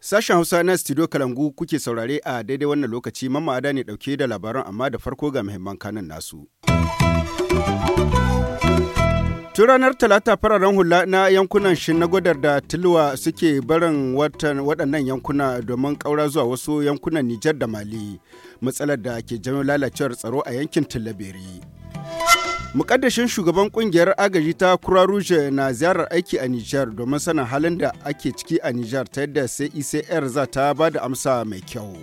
sashen hausa na studio kalangu kuke saurare a daidai wannan lokaci mamada ne dauke da labaran amma da farko ga muhimman kanan nasu Tun ranar Talata fararen hula na yankunan gwadar da Tilwa suke barin waɗannan yankuna domin ƙaura zuwa wasu yankunan Nijar da Mali, matsalar da ke janyo lalacewar tsaro a yankin Tillaberi. Mukaddashin shugaban kungiyar agaji ta Kura Rouge na ziyarar aiki a Nijar domin sanin halin da ake ciki a Nijar ta yadda sai ICR e za ta ba da amsa mai kyau.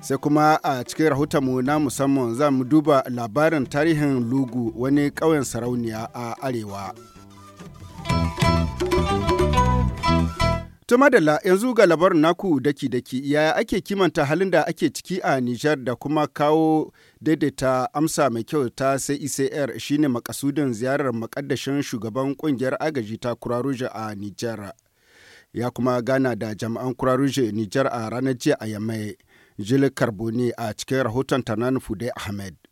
sai kuma a cikin rahotonmu na musamman za mu duba labarin tarihin lugu wani ƙauyen sarauniya a arewa To madalla yanzu ga labarin naku daki-daki yaya ake kimanta halin da ake ciki a Nijar da kuma kawo daidaita amsa mai kyau ta CICR e shine makasudin ziyarar makaddashin shugaban kungiyar agaji ta Kuraruje a Nijar. Ya kuma gana da jama'an Kuraruje Nijar a ranar jiya a Yamai Jil karboni a cikin rahoton Tanan Fude Ahmed.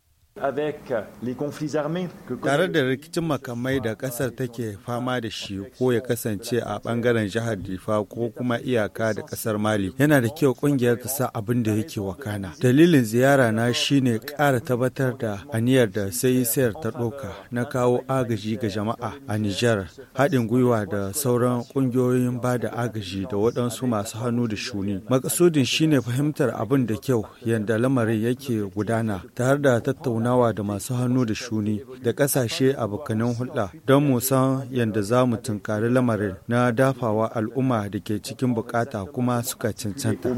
Tare da rikicin makamai da ƙasar take fama da shi ko ya kasance a ɓangaren jihar Difa ko kuma iyaka da ƙasar Mali yana da kyau ƙungiyar ta sa abin da yake wakana. Dalilin ziyara na shine ƙara tabbatar da aniyar da sai sayar ta ɗauka na kawo agaji ga jama'a a Nijar haɗin gwiwa da sauran ƙungiyoyin ba da agaji da waɗansu masu hannu da shuni. Makasudin shine fahimtar abin da kyau yadda lamarin yake gudana tare da tattauna nawa da masu hannu da shuni da ƙasashe abokanan hulɗa don mu san yadda za mu tunkari lamarin na dafawa al'umma da ke cikin bukata kuma suka cancanta.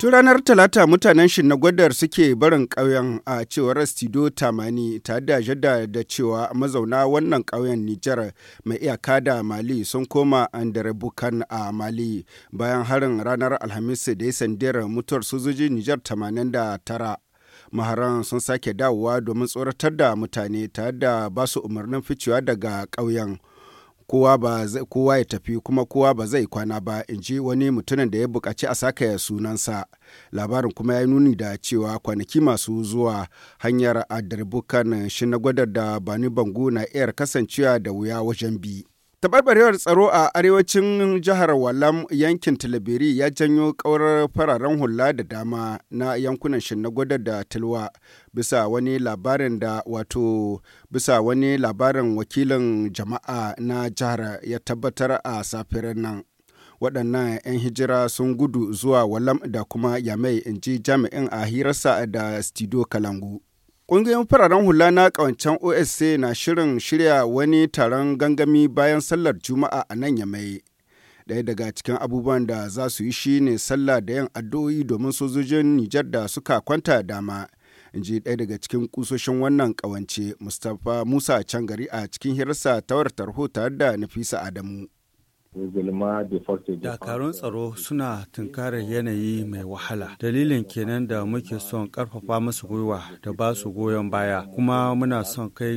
Tun ranar Talata mutanen gwadar suke barin ƙauyen a cewar Stido Tamani tare da jadda da cewa mazauna wannan ƙauyen Nijar mai iyaka da Mali sun koma andarabukan a Mali bayan harin ranar Alhamis da ya sandiyar mutuwar sojoji Nijar tamanin da tara, maharan sun sake dawowa domin tsoratar da mutane tare da su umarnin ficewa daga ƙauyen. kowa ba kowa ya tafi kuma kowa ba zai kwana ba in ji wani mutumin da ya bukaci a saka sunansa labarin kuma ya nuni da cewa kwanaki masu zuwa hanyar adarbukan shi na gwadar da bani bangu na iyar kasancewa da wuya wajen bi. Tabarbarewar tsaro a arewacin jihar Walam yankin Tilabiri ya janyo ƙaurar fararen hula da dama na yankunan gwada da Tilwa bisa wani labarin da wato bisa wani labarin wakilin jama'a na jihar ya tabbatar a safirin nan. waɗannan 'yan hijira sun gudu zuwa walam da kuma yamai in ji jami'in a hirarsa da Stido kalangu Ƙungiyoyin fararen hula na ƙawancen OSA na shirin shirya wani taron gangami bayan sallar Juma'a a nan Yamai. Ɗaya daga cikin abubuwan da za su yi shi ne sallah da yin addu'o'i domin sojojin Nijar da suka kwanta dama. In ji ɗaya daga cikin kusoshin wannan ƙawance Mustapha Musa Cangari a cikin hirarsa ta tarho tare da Nafisa Adamu. Dakarun tsaro suna tunkarar yanayi mai wahala. Dalilin kenan da muke son karfafa musu gwiwa da ba su goyon baya, kuma muna son kai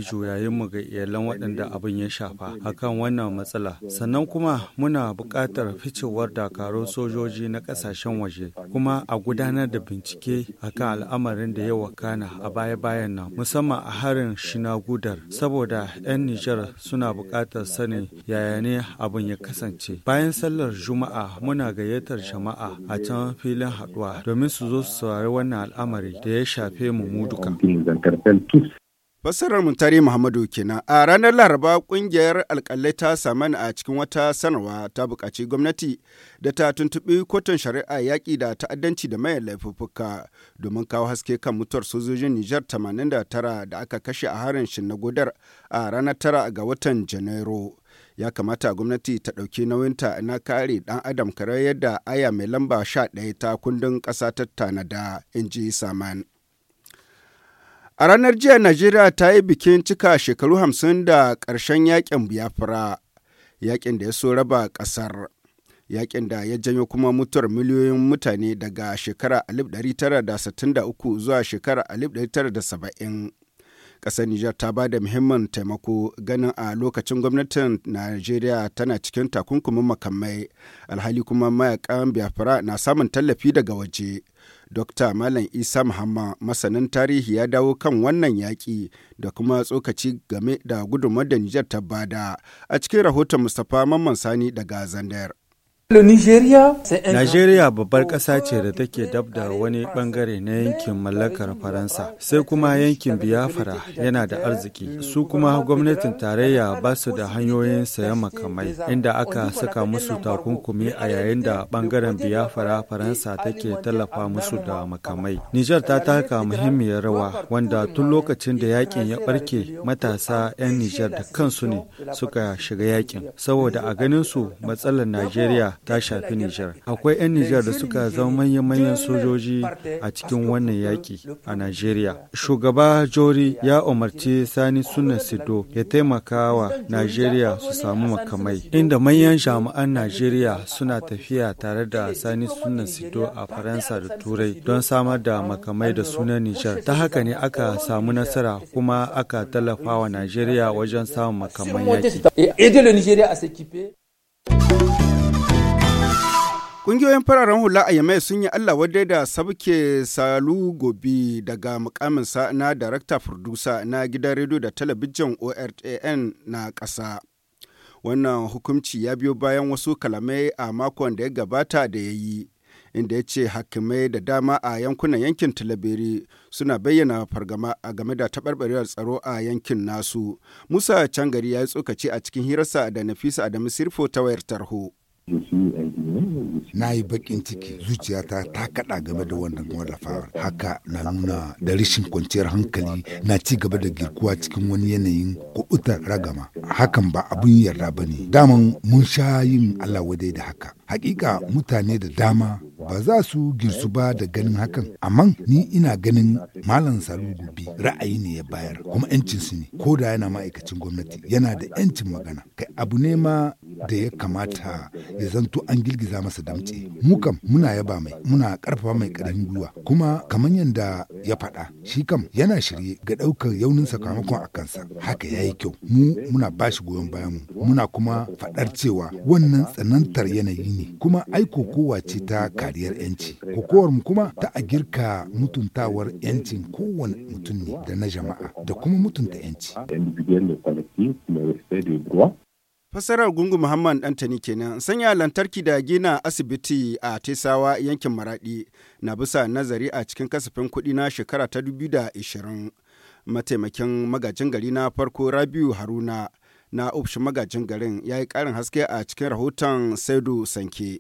mu ga iyalan waɗanda abin ya shafa akan wannan matsala. Sannan kuma muna buƙatar ficewar dakarun sojoji na ƙasashen waje, kuma a gudanar da bincike akan al'amarin da ya wakana a baya-bayan nan, musamman a harin shina gudar saboda 'yan Nijar suna buƙatar sanin yaya ne abin ya kasa. kasance bayan sallar juma'a muna gayyatar jama'a a can filin haɗuwa domin su zo su saurari wannan al'amari da ya shafe mu mu duka Fassarar Muntari Muhammadu kenan a ranar Laraba kungiyar alkalai ta saman a cikin wata sanarwa ta buƙaci gwamnati da ta tuntuɓi kotun shari'a yaƙi da ta'addanci da mayan laifuffuka domin kawo haske kan mutuwar sojojin Nijar 89 da aka kashe a harin na gudar a ranar 9 ga watan Janairu. ya kamata gwamnati ta ɗauki nauyinta na kare ɗan adam kare yadda aya mai lamba sha ɗaya ta kundin ƙasa ta tanada in ji saman a ranar jiya najeriya ta yi bikin cika shekaru 50 da ƙarshen yakin biafra yakin da ya so raba ƙasar yakin da ya janyo kuma mutuwar miliyoyin mutane daga shekara 1963 zuwa shekara 1970 Ƙasar Nijar ta ba da muhimmin taimako ganin a lokacin gwamnatin Najeriya tana cikin takunkumin makamai alhali kuma mayakan Biafra na samun tallafi daga waje. Dokta Malam Isa Muhammad masanin tarihi ya dawo kan wannan yaƙi da kuma tsokaci game da gudunmawar da Nijar ta bada a cikin rahoton Mustapha Mamman Sani daga Zandayar. Najeriya babbar ƙasa ce da take dab da wani bangare na yankin mallakar Faransa, sai kuma yankin Biafra yana da arziki. Su kuma gwamnatin tarayya ba su da hanyoyin sayan makamai, inda aka saka musu takunkumi a yayin da bangaren Biafra Faransa take tallafa musu da makamai. Nijar ta taka muhimmiyar rawa wanda tun lokacin da yakin ya barke matasa 'yan Nijar da kansu ne suka shiga yakin, saboda a ganin su matsalar Najeriya ta shafi Nijar. Akwai 'yan Nijar da suka zama manyan manyan sojoji a cikin wannan yaƙi a Najeriya. Shugaba Jori ya umarci Sani Suna Sido ya taimaka wa Najeriya su samu makamai, inda manyan jami'an Najeriya suna tafiya tare da Sani Suna Sido a Faransa da Turai don samar da makamai da sunan Nijar. Ta haka ne aka samu nasara kuma aka tallafa wa Najeriya wajen samun makaman yaƙi. Ƙungiyoyin fararen hula a Yamai sun yi Allah wadda da sabke Salu Gobi daga mukaminsa na Darakta Furdusa na gidan rediyo da talabijin ORTN na ƙasa. Wannan hukunci ya biyo bayan wasu kalamai a makon da ya gabata da ya yi, inda ya ce hakimai da dama a yankunan yankin Talabiri suna bayyana fargama a game da taɓarɓarewar tsaro a yankin nasu. Musa Cangari ya yi tsokaci a cikin hirarsa da Nafisa Adamu Sirfo ta wayar tarho. Na yi baƙin ciki zuciyata ta kaɗa game da wannan wallafawar. Haka na nuna da rashin kwanciyar hankali na ci gaba da girkuwa cikin wani yanayin kuɓutar ragama. Hakan ba abin yarda ba ne. Daman mun sha yin Allah wadai da haka. Hakika mutane da dama ba za su girsu ba da ganin hakan amma ni ina ganin malam salu gobe ra'ayi ne ya bayar kuma yancin su ne ko da yana ma'aikacin gwamnati yana da yancin magana kai abu ne ma da ya kamata ya zanto an girgiza masa damtse mu kam muna yaba mai muna karfafa mai karamin gwiwa kuma kamar yadda ya faɗa shi kam yana shirye ga ɗaukar yaunin sakamakon a kansa haka ya yi kyau mu muna bashi goyon bayan mu muna kuma faɗar cewa wannan tsanantar yanayi ne kuma ai kokowa ce ta kariyar yanci kokowar mu kuma ta a girka mutuntawar yancin kowane mutum ne da na jama'a da kuma mutunta yanci fassarar Gungu Muhammad Dantani kenan sanya lantarki da gina asibiti a Tesawa yankin Maradi na bisa nazari a cikin kasafin kuɗi na shekara ta 2020. Mataimakin magajin gari na farko Rabiu Haruna na ofishin magajin garin ya yi ƙarin haske a cikin rahoton Saidu Sanke.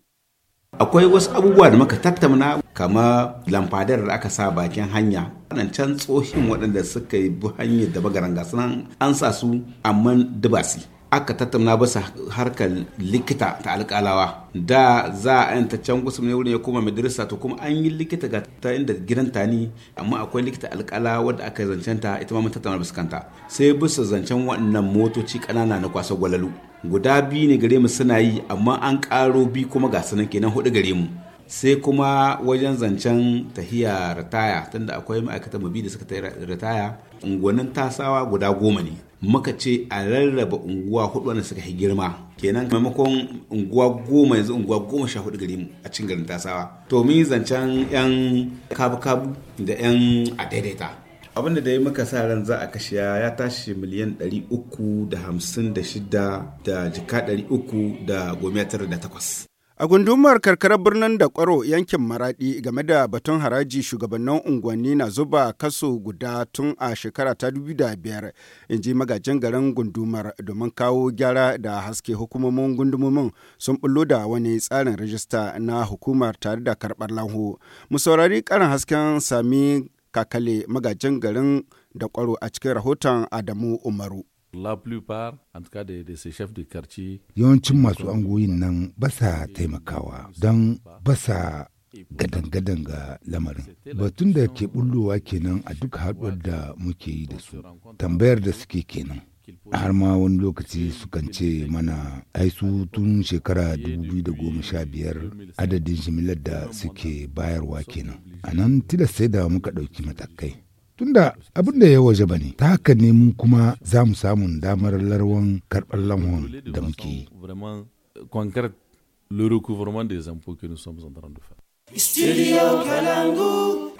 akwai wasu abubuwa da muka tattauna kama lamfadar da aka sa bakin hanya can tsohin waɗanda suka yi bu hanyar da bagaran sunan an sa su amman dubasi aka tattauna bisa harkar likita ta alkalawa da za a yanta can kusa ne wurin ya koma madrasa to kuma an yi likita ga ta inda gidan tani amma akwai likita alkala wadda aka yi zancen ta ita ma mun tattauna bisa kanta sai bisa zancen waɗannan motoci ƙanana na kwasa gwalalu guda biyu ne gare mu suna yi amma an ƙaro bi kuma ga sanan kenan hudu gare mu sai kuma wajen zancen tahiya ritaya tunda akwai ma'aikatan biyu da suka ritaya unguwannin tasawa guda goma ne muka ce a rarraba unguwa hudu wanda suka yi girma kenan maimakon unguwa goma yanzu unguwa goma sha hudu gari a cikin garin tasawa to mun zancen yan kabu-kabu da yan adaidaita abinda da ya muka sa ran za a kashe ya tashi miliyan uku da hamsin jika uku da goma da takwas A gundumar karkarar birnin da kwaro yankin maraɗi game da batun haraji shugabannin unguwanni na zuba kaso guda tun a shekara ta biyar in ji magajin garin gundumar domin kawo gyara da haske hukumomin gundumomin sun bullo da wani tsarin rajista na hukumar tare da karɓar lanho. Mu saurari karin hasken sami kakale magajin garin da kwaro a cikin rahoton Adamu Umaru. la plupart en tout cas de, de ces chefs de quartier yawancin masu angoyin nan ba sa taimakawa don ba sa gadan-gadan ga lamarin batun da ke bullowa kenan a duk haɗuwar da muke yi da su tambayar da suke kenan har ma wani lokaci su ce mana ai su tun shekara 2015 adadin jimilar da suke bayarwa kenan a nan sai da muka ɗauki matakai tunda abin da ya waje ba ne ta haka ne mu kuma za mu samun damar larwan karɓar lanhon da muke Studio Kalangu.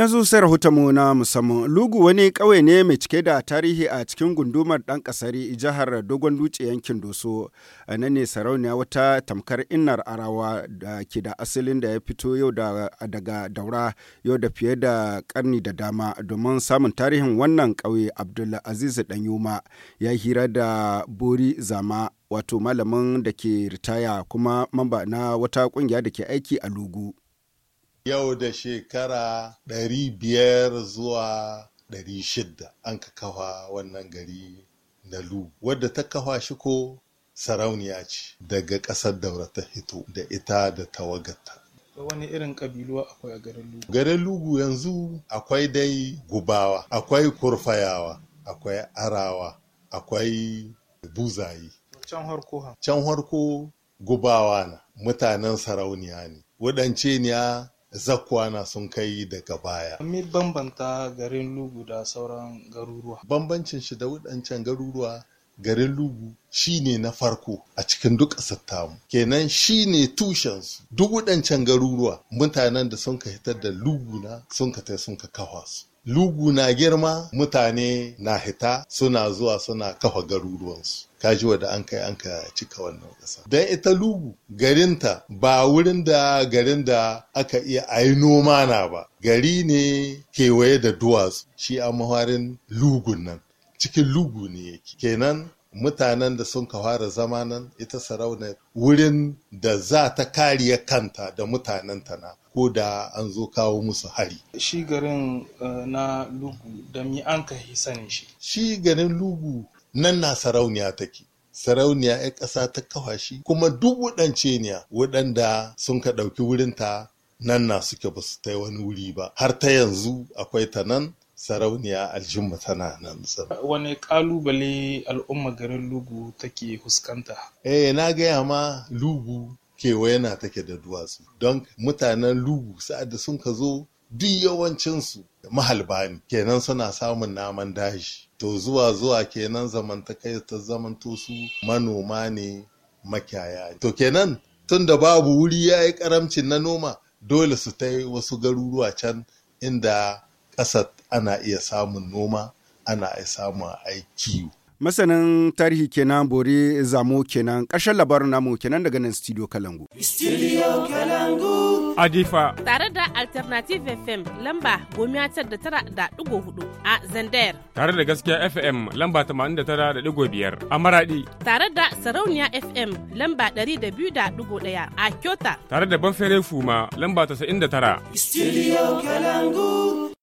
Yanzu sai mu na musamman Lugu wani ƙauye ne mai cike da tarihi a cikin gundumar ɗan ƙasari jihar Dogon Dutse yankin Doso. A nan ne sarauniya wata tamkar innar arawa da ke da asalin da ya fito yau daga daura yau da fiye da karni da dama domin samun tarihin wannan ƙauye dan yuma ya hira da Bori Zama wato malamin da ke ritaya kuma mamba na wata ƙungiya da ke aiki a Lugu. yau da shekara 500 zuwa 600 an ka kafa wannan gari na lu wadda ta kafa shi ko sarauniya ce daga ƙasar daura ta hito da ita da tawagarta wani irin ƙabilu akwai a garin lugu garin lugu yanzu akwai dai gubawa akwai kurfayawa akwai arawa akwai buzayi can harko can harko gubawa na mutanen sarauniya ne waɗance ne zakwana sun kai daga baya. Me bambanta garin Lugu da sauran garuruwa? Bambancin shi da waɗancan garuruwa garin Lugu shi ne na farko a cikin duk ƙasar tamu. Kenan shi ne tushensu. Duk waɗancan garuruwa mutanen da sun ka hitar da Lugu na sun ka tai sun ka kawa su. lugu na girma mutane na hita suna zuwa suna kafa garuruwansu kaji da an kai an ka cika wannan ƙasa don ita lugu garinta ba wurin da garin da aka iya a yi noma na ba gari ne kewaye da duwatsu shi a maharin lugun nan cikin lugu ne yake kenan mutanen da sun fara zama nan ita sarauna wurin da za ta kariya kanta da mutanenta na ko da an zo kawo musu hari. Shi garin eh, na Lugu da mi an ka sanin shi. Shi garin Lugu nan na sarauniya take. Sarauniya 'yan ƙasa ta kawashi. kuma duk waɗance ne waɗanda sun ka ɗauki wurinta nan na suke ba su ta wani wuri ba. Har ta yanzu akwai ta nan sarauniya aljumma tana nan wani kalubale al'umma garin lugu take fuskanta eh na gaya ma lugu kewayena take da duwatsu don mutanen lugu sa'ad da sun ka zo duk yawancinsu mahalba ne kenan suna samun naman daji to zuwa zuwa kenan zamantakai ta zamanto su manoma ne makiyaya to kenan tun da babu wuri ya yi karamcin na noma dole su ta wasu garuruwa can inda ƙasar ana iya samun noma ana iya samun aiki masanin tarihi kenan bore zamo kenan ƙarshen labarin namu kenan daga nan studio kalangu studio kalangu adifa tare da alternative fm lamba gomiya tar da tara da digo hudu a zandayar tare da gaskiya fm lamba tamanin da tara da digo biyar a maradi tare da sarauniya fm lamba dari da biyu da digo daya a kyota tare da banfere fuma lamba tasa'in da tara studio kalangu